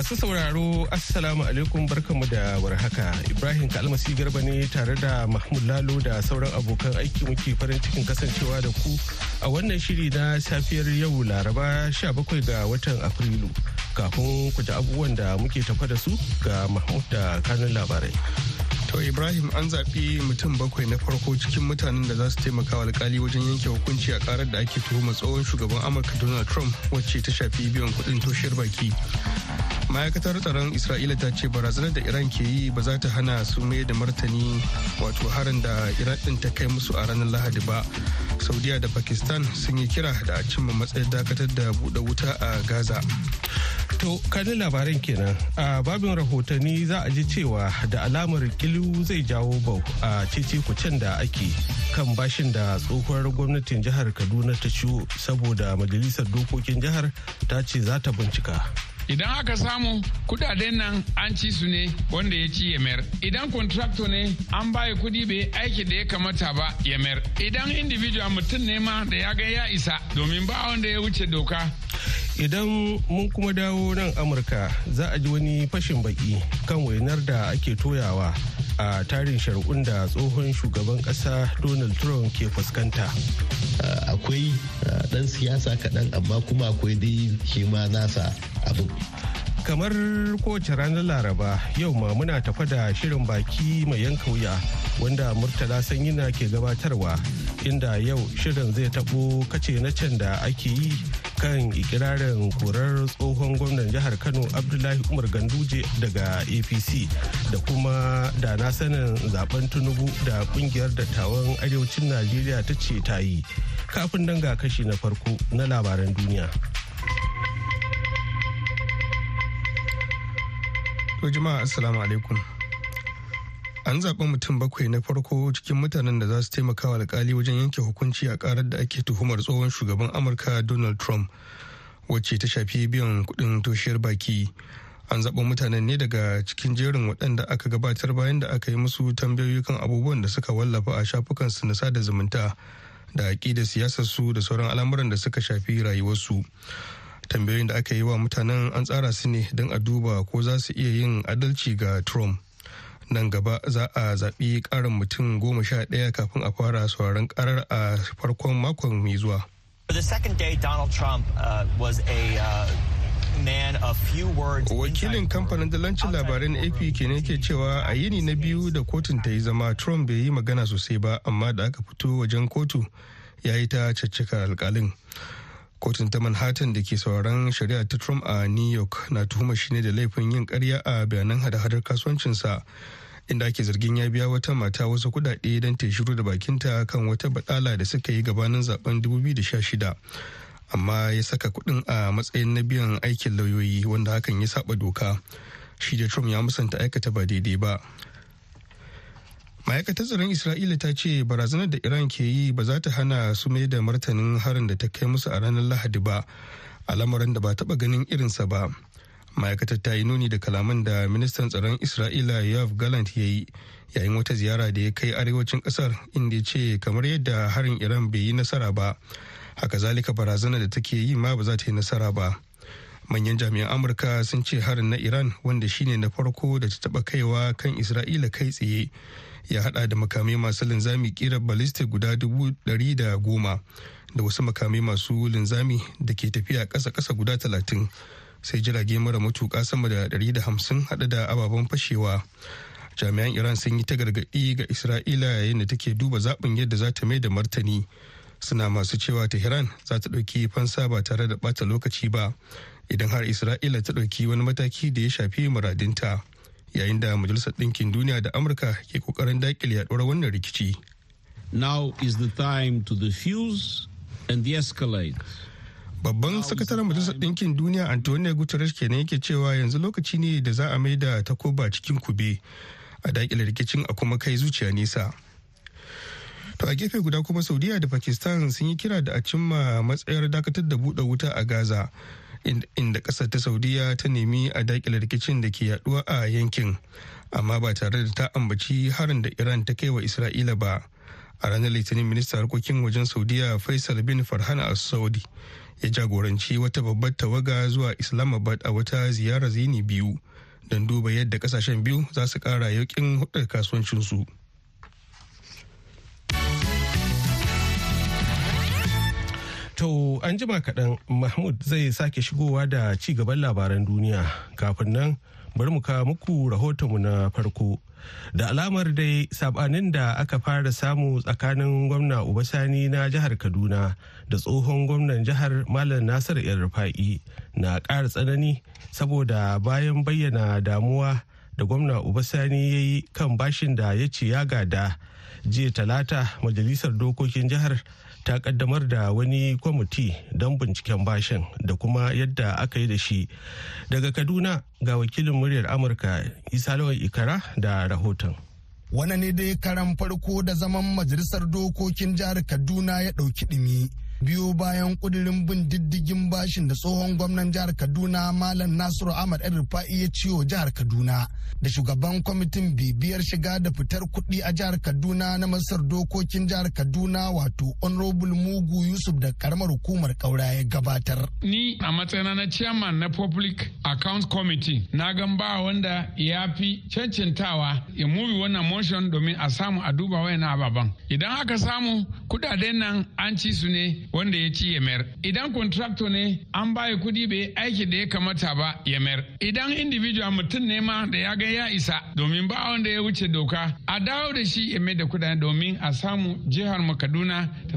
Masu sauraro Assalamu alaikum barkamu da warhaka Ibrahim Kalmasi Garba ne tare da Mahmud Lalo da sauran abokan aiki muke farin cikin kasancewa da ku a wannan shiri na safiyar yau Laraba 17 ga watan Afrilu. Kafin ku ji abubuwan da muke tafa da su ga Mahmud da kanun labarai. To Ibrahim an zaɓi mutum bakwai na farko cikin mutanen da za su taimaka wa alkali wajen yanke hukunci a karar da ake tuhuma tsohon shugaban Amurka Donald Trump wacce ta shafi biyan kuɗin toshiyar baki. ma'aikatar tsaron isra'ila ta ce barazanar da iran ke yi ba za ta hana su mai da martani wato harin da iran din ta kai musu a ranar lahadi ba saudiya da pakistan sun yi kira da a cimma matsayin dakatar da buɗe wuta a gaza to kanin labaran kenan a babin rahotanni za a ji cewa da alamar kilu zai jawo bau a cece kucin da ake kan bashin da tsohuwar gwamnatin jihar kaduna ta ciwo saboda majalisar dokokin jihar ta ce za ta bincika idan aka samu kudaden nan an ci su ne wanda ya ci yamer idan contractor ne an baya kudi bai aiki da ya kamata ba yamer idan individual mutum ne ma da ya ga ya isa domin ba wanda ya wuce doka idan mun kuma dawo nan amurka za a ji wani fashin baki kan wainar da ake toyawa a tarin shari'un da tsohon shugaban kasa donald trump ke fuskanta akwai ɗan siyasa kaɗan amma kuma akwai dai shi ma nasa abu kamar kowace ranar laraba yau ma muna tafa da shirin baki mai yanka wuya wanda murtala sanyina ke gabatarwa inda yau shirin zai taɓo kace na can da ake yi kan ikirarin korar tsohon gwamnan jihar kano abdullahi umar ganduje daga apc da kuma da na sanin zaben tinubu da kungiyar dattawan arewacin najeriya ta ce ta yi kafin nan kashi na farko na labaran duniya to jama'a assalamu alaikum an zaɓi mutum bakwai na farko cikin mutanen da za su taimaka wa alkali wajen yanke hukunci a karar da ake tuhumar tsohon shugaban amurka donald trump wacce ta shafi biyan kuɗin toshiyar baki an zaɓi mutanen ne daga cikin jerin waɗanda aka gabatar bayan da aka yi musu tambayoyi kan abubuwan da suka wallafa a shafukansu na sada zumunta da aƙidar siyasarsu da sauran al'amuran da suka shafi rayuwarsu tambayoyin da aka yi wa mutanen an tsara su ne don a duba ko za su iya yin adalci ga trump nan gaba za a zaɓi ƙarin mutum goma sha ɗaya kafin a fara sauraron ƙarar a farkon makon mai zuwa. Uh, uh, wakilin kamfanin dalancin labarai na ap ne ke cewa a yini na biyu da kotun ta yi zama trump bai yi magana sosai ba amma da aka fito wajen kotu ya yi ta caccaka alkalin. kotun ta manhattan da ke sauraron shari'a ta trump a new york na tuhumar shi ne da laifin yin karya a bayanan hada-hadar kasuwancinsa inda ake zargin ya biya wata mata wasu kudade don ta shiru da bakinta kan wata batsala da suka yi gabanin zaben 2016 amma ya saka kudin a matsayin na biyan aikin lauyoyi wanda hakan ya saba doka shi da trump ya musanta aikata ba daidai ba ma'aikatar tsaron isra'ila ta ce barazanar da iran ke yi ba za ta hana su mai da martanin harin da ta kai musu a ranar lahadi ba a lamarin da ba taba ganin irinsa ba ma'aikatar ta yi nuni da kalaman da ministan tsaron isra'ila yav galant ya yi yayin wata ziyara da ya kai arewacin kasar inda ya ce kamar yadda harin iran bai yi nasara ba haka zalika barazanar da take yi ma ba za ta yi nasara ba manyan jami'an amurka sun ce harin na iran wanda shine na farko da ta taba kaiwa kan isra'ila kai tsaye ya hada da makamai masu linzami kira ballistic guda dubu dari da goma da wasu makamai masu linzami da ke tafiya kasa kasa guda talatin sai jirage mara matuka sama da dari da hamsin hada da ababen fashewa jami'an iran sun yi ta gargaɗi ga isra'ila yayin da take duba zaɓin yadda za ta mai da martani suna masu cewa tehran za ta ɗauki fansa ba tare da ɓata lokaci ba idan har isra'ila ta ɗauki wani mataki da ya shafi muradinta yayin da majalisar ɗinkin duniya da amurka ke kokarin daƙile yaɗuwar wannan rikici now is the time to defuse and de-escalate babban sakataren majalisar ɗinkin duniya antonio guterres kenan yake cewa yanzu lokaci ne da za a mai da takoba cikin kube a daƙile rikicin a kuma kai zuciya nesa to a gefe guda kuma saudiya da pakistan sun yi kira da a cimma matsayar dakatar da buɗe wuta a gaza inda ƙasar ta saudiya ta nemi a daƙile rikicin da ke yaduwa a yankin amma ba tare da ta ambaci harin da iran ta kai wa isra'ila ba a ranar litinin minista harkokin wajen saudiya faisal bin farhana al saudi ya jagoranci wata babbar tawaga zuwa islamabad a wata ziyarar zini biyu don duba yadda ƙasashen biyu za su kara yaukin hudar kasuwancinsu. su To an jima kaɗan Mahmud zai sake shigowa da ci gaban labaran duniya kafin nan bari mu kawo muku rahotonmu na farko. Da alamar dai sabanin da aka fara samu tsakanin gwamna Ubasani na jihar Kaduna da tsohon gwamnan jihar Malam Nasir Rufa'i na ƙara tsanani saboda bayan bayyana damuwa da gwamna Ubasani ya yi kan bashin da ya ce ya gada jiya talata majalisar dokokin jihar ta kaddamar da wani kwamiti don binciken bashin da kuma yadda aka yi da shi daga kaduna ga wakilin muryar amurka isa lawan ikara da rahoton wani ne dai karan farko da zaman majalisar dokokin jihar kaduna ya ɗauki ɗimi biyo bayan kudirin bin diddigin bashin da tsohon gwamnan jihar kaduna malam nasiru ahmad yan rufa'i ya ciwo jihar kaduna da shugaban kwamitin bibiyar shiga da fitar kuɗi a jihar kaduna na masar dokokin jihar kaduna wato honorable mugu yusuf da karamar hukumar kaura ya gabatar ni a matsayina na chairman na public account committee na gan ba wanda ya fi cancantawa ya mubi wannan motion domin a samu a duba wayan ababen idan aka samu kudaden nan an ci su ne wanda ya ci ya idan contractor ne an baya kudi bai aiki da ya kamata ba ya idan individual mutum ne ma da ya ga ya isa domin ba wanda ya wuce doka a dawo da shi ya mai da kudi domin a samu jihar mu ta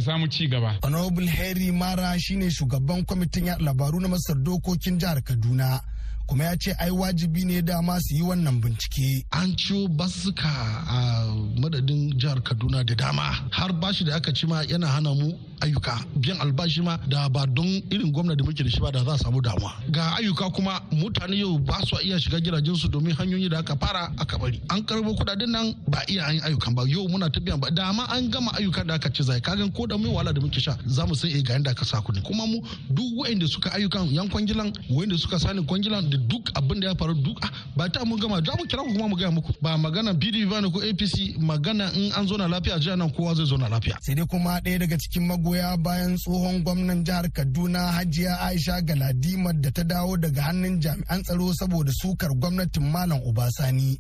samu ci gaba honorable Harry Mara shine shugaban kwamitin yaɗa labaru na Masar dokokin jihar Kaduna kuma ya ce ai wajibi ne dama su yi wannan bincike. An ciwo basuka a madadin jihar Kaduna da dama har bashi da aka ci ma yana hana mu ayyuka biyan albashi ma da ba don irin gwamna da muke da shi ba da za a samu damuwa. Ga ayyuka kuma mutane yau ba su iya shiga gidajen su domin hanyoyi da aka fara aka bari. An karbo kudaden nan ba iya an ayyukan ba yau muna ta biyan ba dama an gama ayyukan da aka ci zai kagan ko da mai wala da muke sha za mu san eh ga inda aka sa kuɗi kuma mu duk waɗanda suka ayyukan yan kwangilan waɗanda suka sani kwangilan da duk abin da ya faru duk ah, ba ta mu gama za kira kuma mu gaya muku ba magana PDP ba ne ko APC magana in an zo na lafiya jiya nan kowa zai zo na lafiya. Sai dai kuma ɗaya daga cikin magoya bayan tsohon gwamnan jihar Kaduna Hajiya Aisha Galadima da ta dawo daga hannun jami'an tsaro saboda sukar gwamnatin Malam Obasani.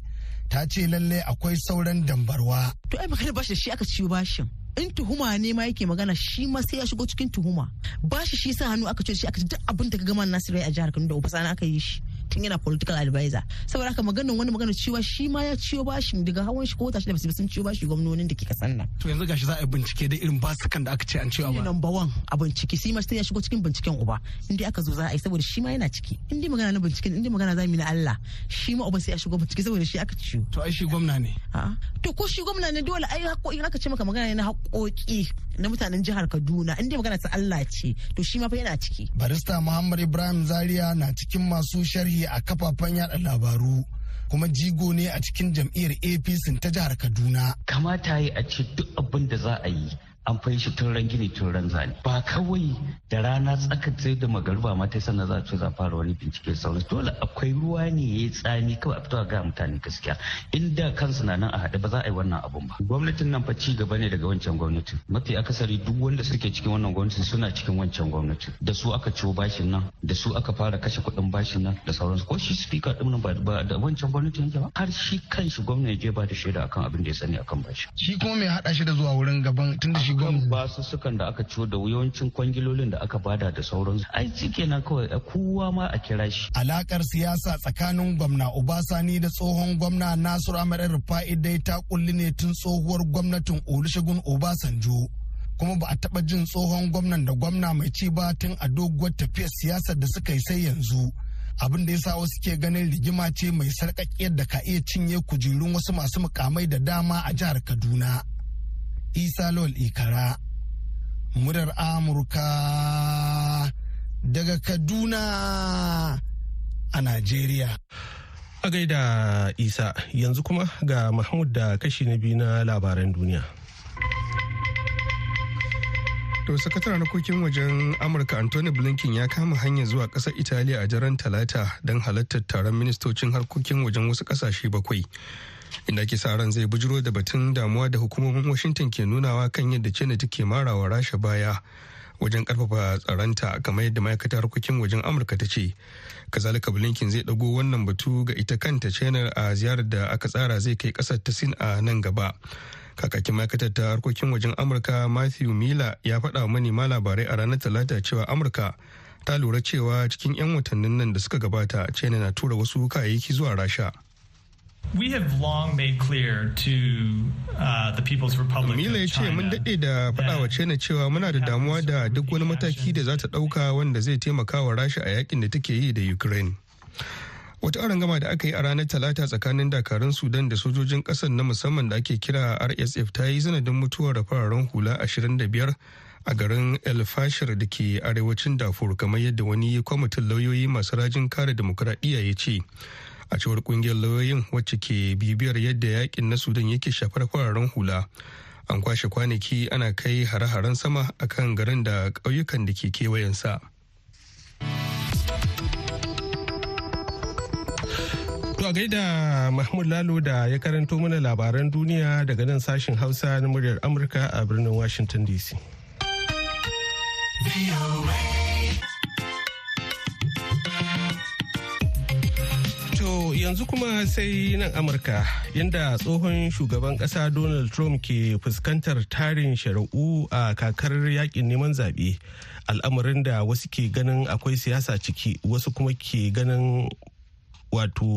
Ta ce lallai akwai sauran dambarwa. To ai magana bashi da shi aka ciyo bashin. in tuhuma ne ma yake magana shi ma sai ya shigo cikin tuhuma ba shi shi sa hannu aka ce shi aka ce duk abin da ka gama nasiru a jihar Kano da Obasana aka yi shi tun yana political advisor saboda haka maganin wani magana cewa shi ma ya ciyo bashin daga hawan shi ko wata shida sun ciyo bashi gwamnonin da ke kasan nan to yanzu gashi za a bincike da irin basukan da aka ce an cewa ba number one a bincike shi ma sai ya shigo cikin binciken uba inda aka zo za a yi saboda shi ma yana ciki inda magana na bincike inda magana za mu na Allah shi ma uba sai ya shigo bincike saboda shi aka ciyo to ai shi gwamna ne a to ko shi gwamna ne dole ai haƙoƙi aka ce maka magana ne na haƙoƙi na mutanen jihar Kaduna inda magana ta Allah ce to shi ma fa yana ciki barista Muhammad Ibrahim Zaria na cikin masu sharhi a kafafen yada labaru kuma jigo ne a cikin jam'iyyar apc ta jihar kaduna kamata yi a ce duk abin da za a yi an fai shi tun ran gini tun ran zane ba kawai da rana tsaka sai da magaruba ma ta sanar za ce za fara wani bincike sauri dole akwai ruwa ne ya tsami kawai a fito ga mutane gaskiya inda kansu na nan a haɗe ba za a yi wannan abun ba gwamnatin nan fa ci gaba ne daga wancan gwamnatin mafi akasari duk wanda suke cikin wannan gwamnatin suna cikin wancan gwamnatin da su aka ciwo bashin nan da su aka fara kashe kuɗin bashin nan da sauransu ko shi sifika ɗin nan ba da wancan gwamnatin yake ba har shi kanshi gwamnati ya je ba da shaida akan abin da ya sani akan bashi shi kuma mai haɗa shi da zuwa wurin gaban da shi kan sukan da aka ciwo da yawancin kwangilolin da aka bada da sauransu ai cike na kawai kowa ma a kira shi alakar siyasa tsakanin gwamna obasani da tsohon gwamna nasiru amir rufa'i dai ta kulli ne tun tsohuwar gwamnatin olusegun obasanjo kuma ba a taɓa jin tsohon gwamnan da gwamna mai ci ba tun a doguwar tafiyar siyasar da suka yi sai yanzu abin da ya sa wasu ke ganin rigima ce mai sarƙaƙiyar da ka iya cinye kujerun wasu masu mukamai da dama a jihar kaduna isa lol ikara murar amurka daga kaduna a nigeria. a gaida isa yanzu kuma ga mahmud da kashi na biyu na labaran duniya To sakataren harkokin wajen Amurka Anthony Blinken ya kama hanya zuwa kasar Italiya a daren Talata don halartar taron ministocin harkokin wajen wasu kasashe bakwai inda ke sa ran zai bujiro da batun damuwa da hukumomin washington ke nunawa kan yadda china take marawa rasha baya wajen karfafa tsaronta kamar yadda ma'aikatar harkokin wajen amurka ta ce kazalika blinken zai dago wannan batu ga ita kanta china a ziyarar da aka tsara zai kai kasar ta sin a nan gaba kakakin ma'aikatar ta harkokin wajen amurka matthew miller ya faɗa manema labarai a ranar talata cewa amurka ta lura cewa cikin 'yan watannin nan da suka gabata china na tura wasu kayayyaki zuwa rasha We have long made clear to uh, the People's Republic Mila ya ce mun daɗe da faɗa wa China cewa muna da damuwa da duk wani mataki da za ta ɗauka wanda zai taimaka wa Rasha a yakin da take yi da Ukraine. Wata arangama da aka yi a ranar Talata tsakanin dakarun Sudan da sojojin ƙasar na musamman da ake kira RSF ta yi sanadin mutuwar fararen hula 25 a garin El Fashir da ke arewacin Darfur kamar yadda wani kwamitin lauyoyi masu rajin kare demokuraɗiyya ya ce. a cewar kungiyar lauyoyin wacce ke bibiyar yadda yakin na sudan yake shafar kwararen hula an kwashe kwanaki ana kai hare-haren sama akan garin da ƙauyukan da ke kewayen sa. To a gaida Mahmud Lalo da ya karanto mana labaran duniya daga nan sashen Hausa na muryar Amurka a birnin Washington DC. yanzu kuma sai nan Amurka yadda tsohon shugaban kasa Donald Trump ke fuskantar tarin shari'u a kakar yakin neman zaɓe. Al'amarin da wasu ke ganin akwai siyasa ciki wasu kuma ke ganin wato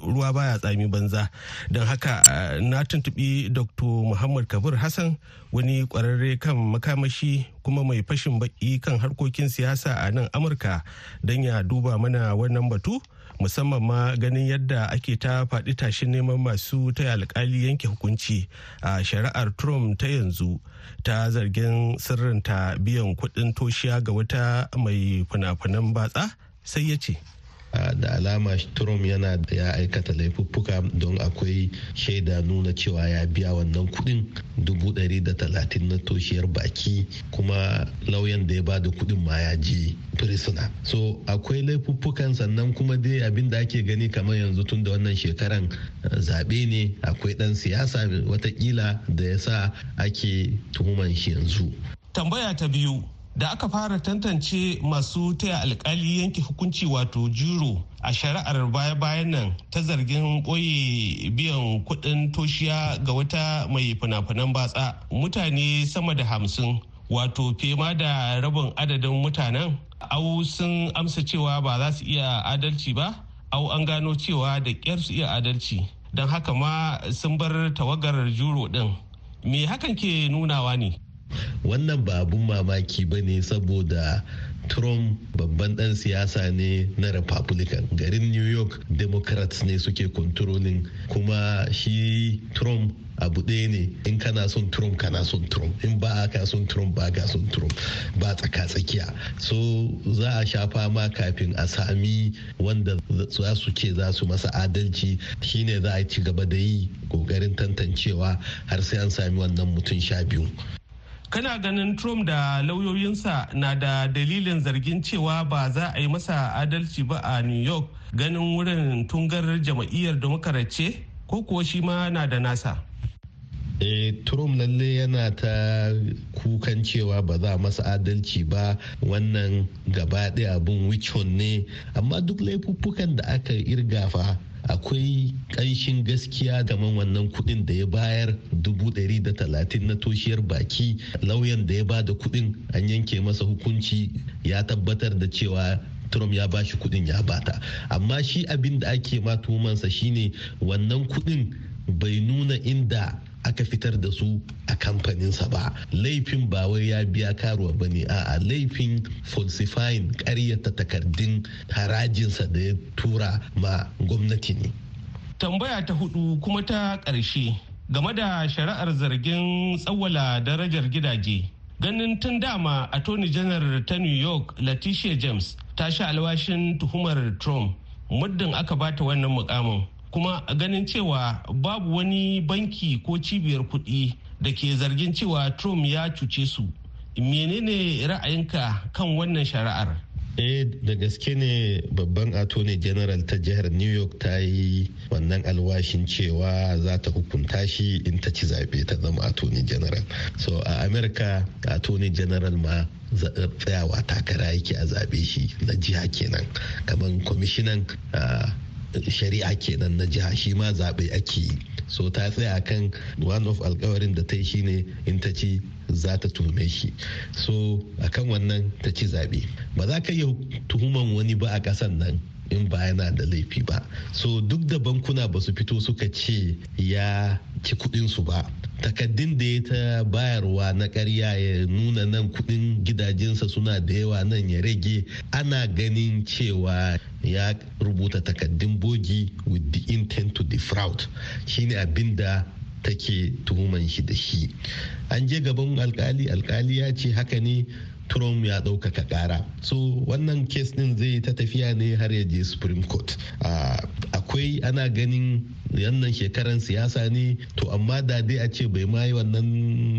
ruwa baya tsami banza don haka eh, na tuntubi dr muhammad kabir hassan wani kwararre kan makamashi kuma mai fashin baki kan harkokin siyasa a nan amurka don ya duba mana wannan batu musamman ma ganin yadda ake ta faɗi tashin neman masu ta alkali yanke hukunci a shari'ar trump ta yanzu ta zargin sirrinta biyan kuɗin toshiya ga wata mai fina-finan batsa sai ya ce da alama trump yana da ya aikata laifuffuka don akwai shaida nuna cewa ya biya wannan kudin dubu dari da talatin na toshiyar baki kuma lauyan da ya bada kudin ma ya je prisoner so akwai laifuffukan sannan kuma dai abin da ake gani kamar yanzu tun da wannan shekaran zaɓe ne akwai ɗan siyasa watakila da ya sa ake tuhuman shi yanzu tambaya ta biyu da aka fara tantance masu taya alkali yanke hukunci wato juro a shari'ar baya-bayan nan ta zargin ɓoye biyan kuɗin toshiya ga wata mai fina-finan batsa mutane sama da hamsin wato fema da rabin adadin mutanen au sun amsa cewa ba za su iya adalci ba au an gano cewa da ƙyar su iya adalci don haka ma sun bar tawagar juro din me hakan ke nunawa ne wannan ba abun mamaki ba ne saboda Trump babban ɗan siyasa ne na Republican garin New York Democrats ne suke controlling kuma shi Trump abu ɗaya ne in kana son Trump kana son Trump in ba ka son Trump ba ka son Trump ba tsaka tsakiya so za a sha fama kafin a sami wanda za su ce za su masa adalci shine za a ci gaba da yi kokarin tantancewa har sai an sami wannan mutum sha biyu kana ganin trump da lauyoyinsa na da dalilin zargin cewa ba za a yi masa adalci ba a new york ganin wurin tungar jama'iyyar democrat ce ko kuwa shi ma na da nasa e trump lalle yana ta kukan cewa ba za masa adalci ba wannan gaba ɗaya abin wichon ne amma duk laifuffukan da aka irgafa akwai ƙanshin gaskiya game wannan kudin da ya bayar dubu ɗari da talatin na toshiyar baki lauyan da ya bada da kuɗin an yanke masa hukunci ya tabbatar da cewa Trump ya bashi kudin ya bata amma shi abin da ake matumansa shine wannan kudin bai nuna inda aka fitar da su a kamfaninsa ba laifin ba wai ya biya karuwa ba ne a laifin falsifying karyata takardun harajinsa da ya tura ma gwamnati ne tambaya ta hudu kuma ta ƙarshe game da shari'ar zargin tsawala darajar gidaje ganin tun dama a attorney general ta new york latisha james ta sha alwashin tuhumar trump muddin aka bata wannan mukamin kuma ganin cewa babu wani banki ko cibiyar kuɗi da ke zargin cewa trump ya cuce su menene ra'ayinka kan wannan shari'ar eh da gaske ne babban attorney general ta jihar new york ta yi wannan alwashin cewa za ta hukunta shi in ta ci zaɓe ta zama attorney general so a america attorney general ma eh, tsayawa takara yake a zaɓe shi na jiha kenan kamar kwamishinan ah, shari'a kenan na jiha shi ma zaɓe ake yi so ta tsaya kan one of alkawarin da ta yi shine in ta ci za ta tuhume shi so akan wannan ta ci zaɓe ba za ka yi tuhuman wani ba a ƙasan nan in ba yana da laifi ba so duk da bankuna ba su fito suka ce ya ci kudinsu ba takaddun da ya ta bayarwa na karya ya nuna nan kudin gidajensa suna da yawa nan ya rage ana ganin cewa ya rubuta takaddun bogi with the intent to defraud shine abinda take tuhuman shi da shi an je gaban alkali alkali ya ce haka ne trump ya ɗaukaka ƙara so wannan kes ɗin zai ta tafiya ne har ya je supreme court akwai ana ganin yannan shekaran siyasa ne to amma da dai a ce bai mayi wannan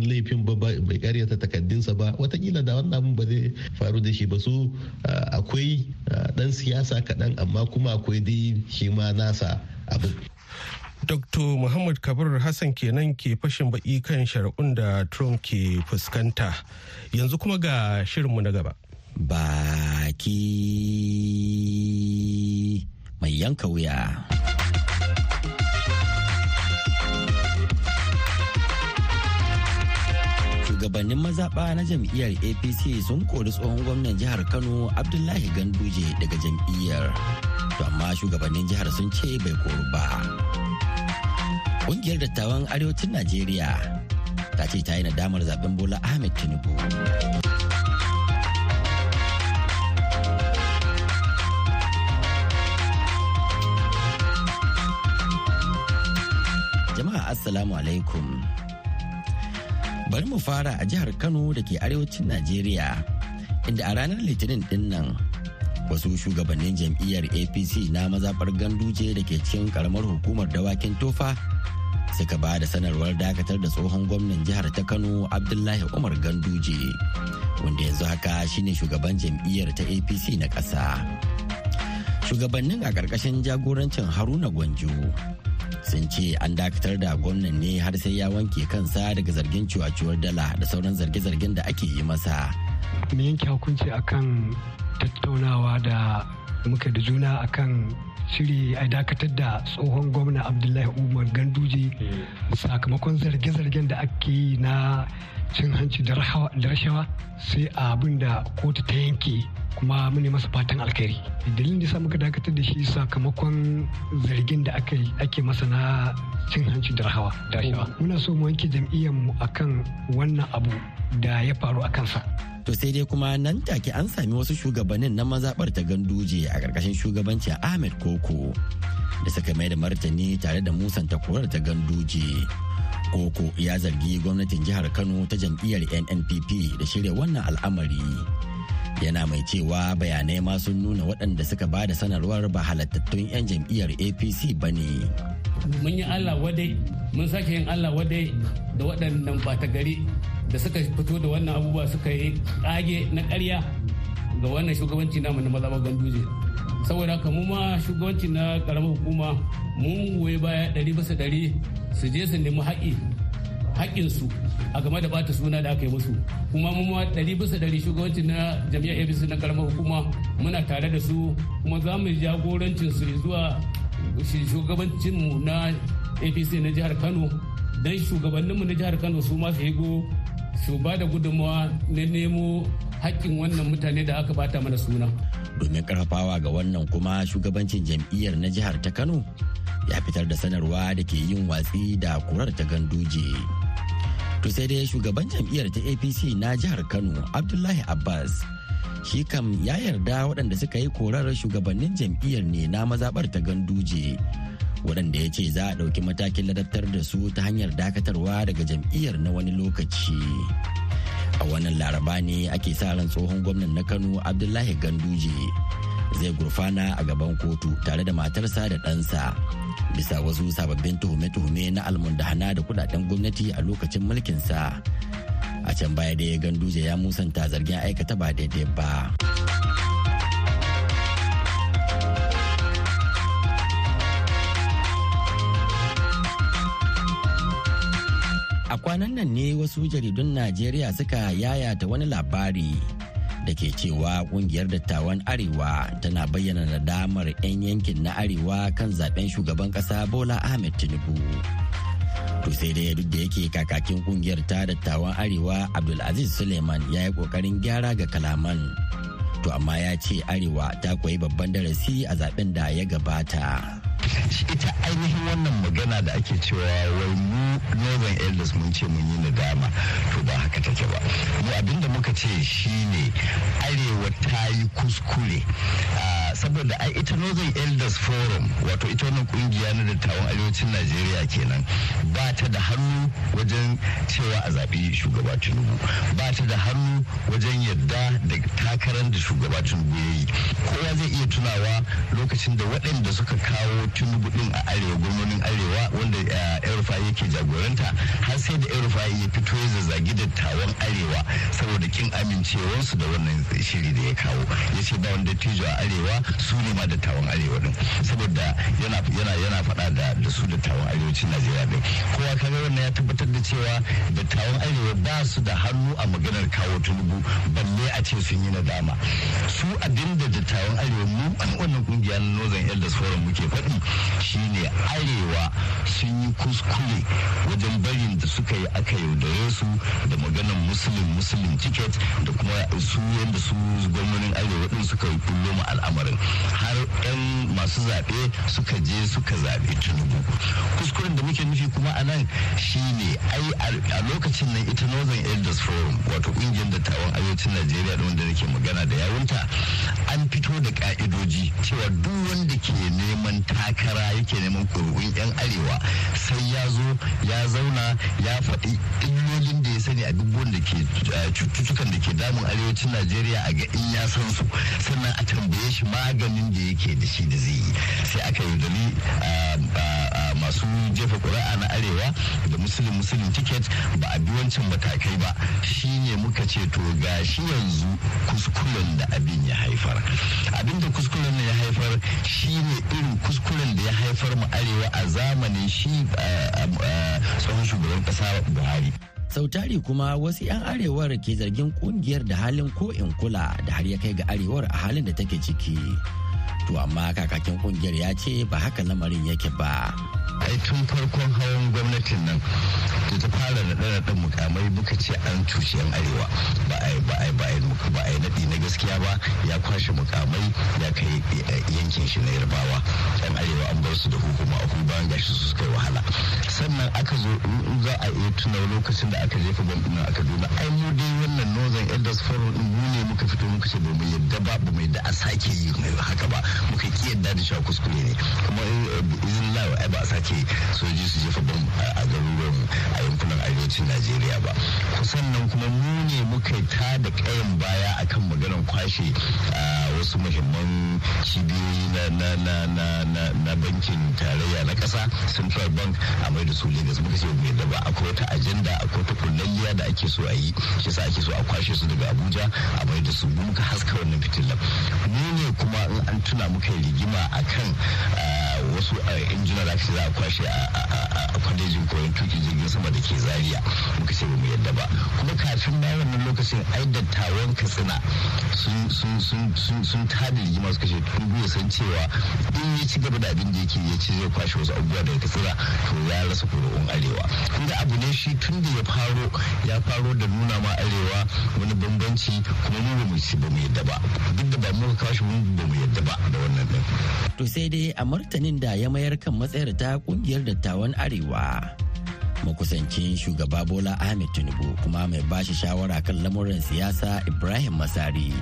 laifin ba bai karyata takaddunsa ba watakila da wannan abin ba zai faru da shi ba so akwai dan siyasa kaɗan amma kuma akwai dai shi ma nasa abin Dr. Muhammad Kabir Hassan kenan ke fashin baki kan shari'un da Trump ke fuskanta. Yanzu kuma ga shirinmu na gaba. Baki mai yanka wuya. shugabannin mazaɓa na jam'iyyar apc sun kori tsohon gwamnan jihar kano abdullahi ganduje daga jam'iyyar to amma shugabannin jihar sun ce bai kori ba Ƙungiyar dattawan Arewacin Najeriya ta ce ta yi nadamar zaben Bola Ahmed Tinubu. Jama'a Assalamu alaikum. Bari mu fara a jihar Kano da ke arewacin Najeriya, inda a ranar Litinin din nan wasu shugabannin jam'iyyar apc na mazaɓar ganduje da ke cikin karamar hukumar dawakin tofa suka ba da sanarwar dakatar da tsohon gwamnan jihar ta kano abdullahi umar ganduje wanda yanzu haka shine shugaban jam'iyyar ta apc na ƙasa shugabannin a ƙarƙashin jagorancin haruna gwanjo sun ce an dakatar da gwamnan ne har sai ya wanke kansa daga zargin cuwacuwar dala da sauran zarge-zargen da ake yi masa. yanke hukunci akan tattaunawa da muka da juna akan shiri a dakatar da tsohon gwamna abdullahi umar Ganduji hmm. sakamakon zarge-zargen da ake yi na cin hanci da rashawa sai abin da kotu ta yanke kuma mune masa fatan alkhairi dalilin da muka dakatar da shi sakamakon zargin da ake masa na cin hanci da rashawa. Hmm. muna so mu wanke jam'iyyar mu akan wannan abu da ya faru a kansa To sai dai kuma nan take an sami wasu shugabannin na mazaɓar ta ganduje a ƙarƙashin a Ahmed Koko da suka mai da martani tare da musanta korar ta ganduje. Koko ya zargi gwamnatin jihar Kano ta jam'iyyar NNPP da shirya wannan al'amari. yana mai cewa bayanai ma sun nuna waɗanda suka ba da sanarwar ba halattattun 'yan jam'iyyar apc ba ne mun yi allah wadai mun sake yin allah wadai da waɗannan ba ta gari da suka fito da wannan abubuwa suka yi kage na karya ga wannan shugabanci namu na mazaɓar ganduje saboda haka mu ma shugabanci na karamar hukuma mun goyi baya ɗari bisa ɗari su je su nemi haƙi haƙƙinsu a game da bata suna da aka yi musu kuma mu ma ɗari bisa ɗari shugabanci na jami'ar abc na karamar hukuma muna tare da su kuma za mu jagorancin su zuwa shugabancinmu na apc na jihar kano don shugabanninmu na jihar kano su ma su yi go su ba da gudunmawa na nemo haƙƙin wannan mutane da aka bata mana suna. Domin karfafawa ga wannan kuma shugabancin jam'iyyar na jihar ta Kano ya fitar da sanarwa da ke yin watsi da kurar ta ganduje. To sai dai shugaban jam'iyyar ta APC na jihar Kano Abdullahi Abbas shi kam ya yarda waɗanda suka yi korar shugabannin jam'iyyar ne na mazaɓar ta ganduje waɗanda ya ce za a ɗauki matakin ladabtar da su ta hanyar dakatarwa daga jam'iyyar na wani lokaci a wannan laraba ne ake sa ran tsohon gwamnan na kano abdullahi ganduje zai gurfana a gaban kotu tare da matarsa da ɗansa bisa wasu sababbin tuhume-tuhume na almundahana da kudaden gwamnati a lokacin mulkinsa can baya da ya ganduje ya musanta zargin aikata ba daidai ba a kwanan nan ne wasu jaridun najeriya suka yayata wani labari da ke cewa kungiyar dattawan arewa tana bayyana nadamar 'yan yankin na arewa kan zaben shugaban ƙasa bola ahmed tinubu to sai dai duk da yake kakakin kungiyar ta dattawan arewa abdulaziz suleiman ya yi kokarin gyara ga kalaman to amma ya ce arewa ta koyi babban darasi a zaben da ya gabata ita ainihin wannan magana da ake cewa wai mu northern elders mun ce mun yi nadama to ba haka take ba mu abinda muka ce shine arewa ta yi kuskure ah, saboda ai ita northern elders forum wato ita wannan kungiya na dattawan arewacin najeriya kenan ba ta da hannu wajen cewa a zaɓi shugaba tinubu ba ta da hannu wajen yadda da takarar da shugaba tinubu ya yi kowa zai iya tunawa lokacin da waɗanda suka kawo tinubu ɗin a arewa gwamnonin arewa wanda erufa eh, yake jagoranta har sai da erufa ya fito ya zazzagi dattawan arewa saboda kin amincewarsu da wannan shiri da ya kawo ya ce ba wanda tijo a arewa su ne ma dattawan arewa din saboda yana yana yana faɗa da su dattawan arewacin najeriya din kowa kan wannan ya tabbatar da cewa dattawan arewa ba su da hannu a maganar kawo tunubu balle a ce sun yi nadama su abin da dattawan arewa mu a wannan kungiya na northern elders forum muke faɗi shine arewa sun yi kuskure wajen barin da suka yi aka yaudare su da maganar musulun musulun ticket da kuma su yadda su gwamnonin arewa din suka yi ma al'amarin har 'yan masu zaɓe suka je suka zaɓe tunubu kuskuren da muke nufi kuma a nan shine ai a lokacin nan ita northern elders forum wato kungiyar dattawan arewacin najeriya da wanda nake magana da yawunta an fito da ka'idoji cewa duk wanda ke neman takara yake neman kurkun yan arewa sai ya zo ya zauna ya faɗi illolin da ya sani abubuwan da ke cututtukan da ke damun arewacin najeriya a ga in ya san su sannan a tambaye shi maganin da yake da shi da zai yi sai aka yi dali masu jefa ƙuri'a na arewa da musulun musulun tiket ba a bi wancan matakai ba shine muka ce to ga shi yanzu kuskuren da abin ya haifar abin da kuskuren ya haifar shine irin kuskuren da ya haifar mu arewa a zamanin shi eh, eh, tsohon shugaban kasa buhari sautari kuma wasu 'yan arewar ke zargin kungiyar da halin ko in kula da har ya kai ga arewar a halin da take ciki to amma kakakin kungiyar ya ce ba haka lamarin yake ba ai tun farkon hawan gwamnatin nan da ta fara naɗe-naɗen mukamai muka ce an tushe yan arewa ba a ba ai ba ai muka ba a yi naɗi na gaskiya ba ya kwashe mukamai ya kai eh, yankin shi na yarbawa yan arewa an bar su da hukuma a kuma bayan gashi su kai wahala sannan aka zo in za a iya tuna lokacin da aka jefa bom ɗin aka duna ai mu dai wannan northern elders forum mu ne muka fito muka ce ba mu yadda ba ba mu yadda a sake yi haka ba muka ki yadda da cewa kuskure ne kuma izin lawa ai ba a sake sojoji su jefa bam a garuruwan a yankunan arewacin najeriya ba kusan nan kuma mu ne muka ta da ƙayan baya akan maganar kwashe ah, wasu muhimman cibiyoyi na na na na na bankin tarayya na ƙasa central bank a mai da su lagos muka ce mai da ba akwai wata ajanda akwai ta kullalliya da ake so a yi shi sa ake so a kwashe su daga abuja a mai da su muka haska wannan fitilan mu ne kuma in an tuna muka yi rigima akan ah, wasu ah, injinan da za a kwashe a kwalejin koyon tuki jirgin sama da ke zaria muka ce mu yadda ba kuma kafin bayan wannan lokacin ai dattawan katsina sun sun tada rigima suka ce tun biyu san cewa in ya ci gaba da abin da yake ya ci zai kwashe wasu abubuwa daga katsira to ya rasa kuri'un arewa kuma abu ne shi tun da ya faro ya faro da nuna ma arewa wani bambanci kuma mu ba mu ci ba mu yadda ba duk da ba mu kwashe ba mu yadda ba da wannan din to sai dai a martanin da ya mayar kan matsayar ta kungiyar dattawan arewa makusancin shugaba bola ahmed tinubu kuma mai bashi shawara kan lamuran siyasa ibrahim masari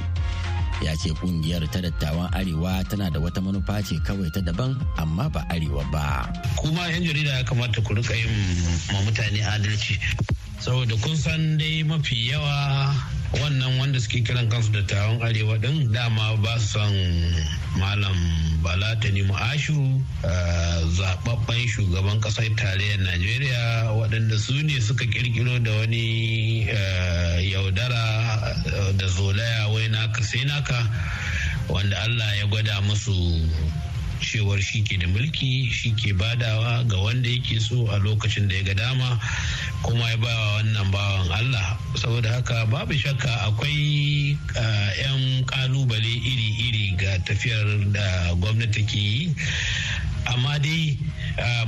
ya ce kungiyar ta dattawan arewa tana da wata manufa ce kawai ta daban amma ba arewa ba kuma yan jarida ya kamata ku rika yin ma mutane adalci saboda kun san dai mafi yawa wannan wanda suke kiran kansu da taron arewa din dama ba su son malam bala tanimu ashu eh, zababben shugaban ƙasar tarayyar najeriya waɗanda su ne suka ƙirƙiro da wani eh, yaudara eh, da zolaya wai naka sai naka wanda allah ya gwada musu cewar shi ke da mulki shi ke badawa ga wanda yake so a lokacin da ya ga dama kuma ya bawa wannan bawan Allah saboda haka babu shakka akwai 'yan kalubale iri-iri ga tafiyar da gwamnati ke yi amma dai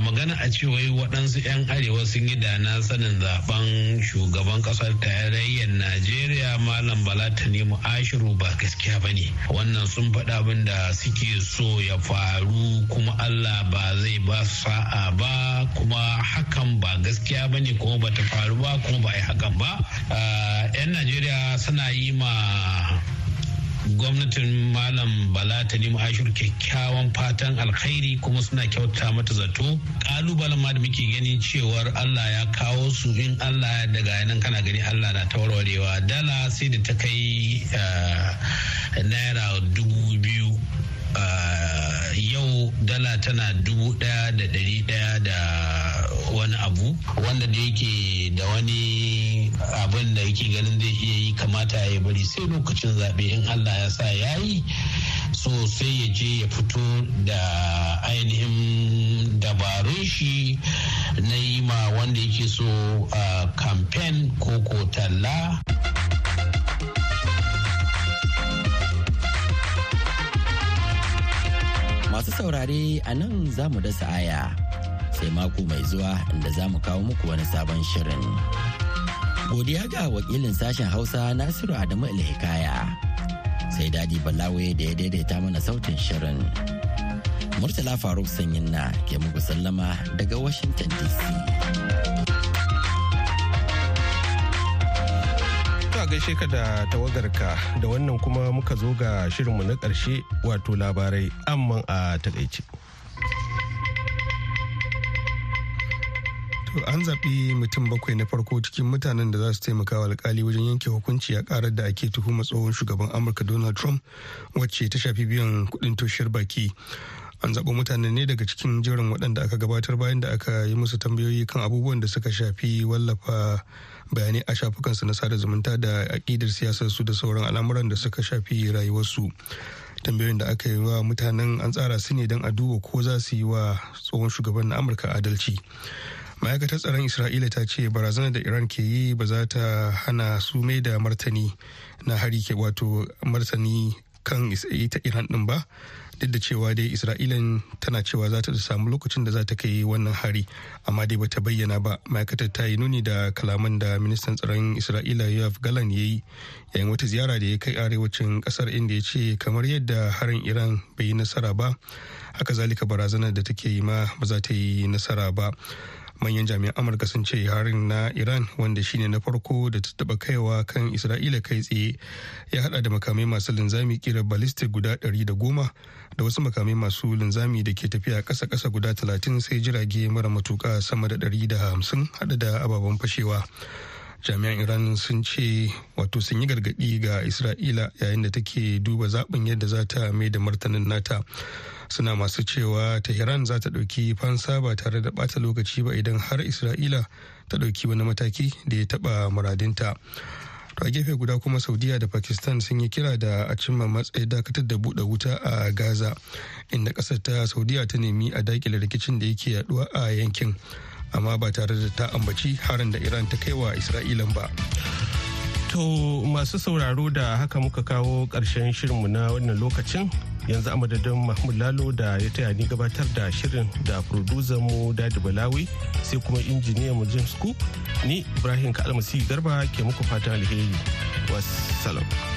magana a cewa waɗansu 'yan arewa sun yi dana sanin zaben shugaban ƙasar tarayyar najeriya malam bala ta nemo ashiru ba gaskiya ba ne wannan sun faɗa abin da suke so ya faru kuma allah ba zai ba su sa'a ba kuma hakan ba gaskiya ba ne kuma ba ta faru ba kuma ba a yi hakan ba 'yan najeriya suna yi ma gwamnatin malam bala ta nemi ashir kyakkyawan fatan alkhairi kuma suna kyauta mata zato kalubalen ma da muke gani cewar allah ya kawo su in allah ya daga nan kana gani allah na ta warwarewa dala sai da ta kai eh, naira dubu biyu eh, yau dala tana dubu daya da dari daya da wani abu wanda da yake da wani abin da yake ganin zai iya yi kamata ya bari sai lokacin zaɓe in allah ya sa ya yi so sai ya je ya fito da ainihin dabarun shi na yi ma wanda yake so a kamfen ko ko talla masu saurare a nan za mu dasa aya sai mako mai zuwa inda za mu kawo muku wani sabon shirin. Godiya ga wakilin sashen Hausa Nasiru Adamu Ilhikaya. Sai Dadi Balawe da ya daidaita mana sautin shirin. Murtala Faruk Sanyin na ke muku sallama daga Washington DC. Ta gaishe ka da tawagarka da wannan kuma muka zo ga shirinmu na ƙarshe wato labarai amman a takaice. an zaɓi mutum bakwai na farko cikin mutanen da za su taimaka wa alkali wajen yanke hukunci a karar da ake tuhuma tsohon shugaban amurka donald trump wacce ta shafi biyan kudin toshiyar baki an zaɓi mutane ne daga cikin jerin waɗanda aka gabatar bayan da aka yi musu tambayoyi kan abubuwan da suka shafi wallafa bayanai a shafukansu na sada zumunta da aƙidar siyasarsu da sauran al'amuran da suka shafi rayuwarsu tambayoyin da aka yi wa mutanen an tsara su ne don a duba ko za su yi wa tsohon shugaban na amurka adalci ma'aikatar tsaron isra'ila ta ce barazanar da iran ke yi ba za ta hana su mai da martani na hari ke wato martani kan ta iran din ba duk da cewa dai isra'ila tana cewa za ta samu lokacin da za ta kai wannan hari amma dai bata bayyana ba ma'aikatar ta yi nuni da kalaman da ministan tsaron isra'ila yoav galan ya yi yayin wata ziyara da ya kai arewacin kasar inda ya ce kamar yadda harin iran bai yi nasara ba haka zalika barazanar da take yi ma ba za ta yi nasara ba manyan jami'an amurka sun ce yarin na iran wanda shine na farko da ta taba kaiwa kan isra'ila kai tsaye ya hada da makamai masu linzami kira ballistic guda 110 da wasu makamai masu linzami da ke tafiya kasa kasa guda 30 sai jirage mara matuka sama da 150 hada da ababen fashewa jami'an iran sun ce wato sun yi gargaɗi ga isra'ila yayin da take duba zaɓin yadda za ta mai da martanin nata suna masu cewa tehran za ta ɗauki fansa ba tare da ɓata lokaci ba idan har isra'ila ta ɗauki wani mataki da ya taɓa muradinta to a gefe guda kuma saudiya da pakistan sun yi kira da a cimma matsayi dakatar da buɗe wuta a gaza inda ƙasar ta saudiya ta nemi a dakile rikicin da yake yaduwa a yankin amma ba tare da ta ambaci harin da iran ta kai wa isra'ilan ba To masu sauraro da haka muka kawo ƙarshen shirinmu na wannan lokacin yanzu a madadin Mahmud Lalo da ya taya ni gabatar da shirin da mu Dadi Balawi sai kuma injiniyan mu James Cook ni Ibrahim Kalmasi Garba ke muku fatan alheri. Wassalam.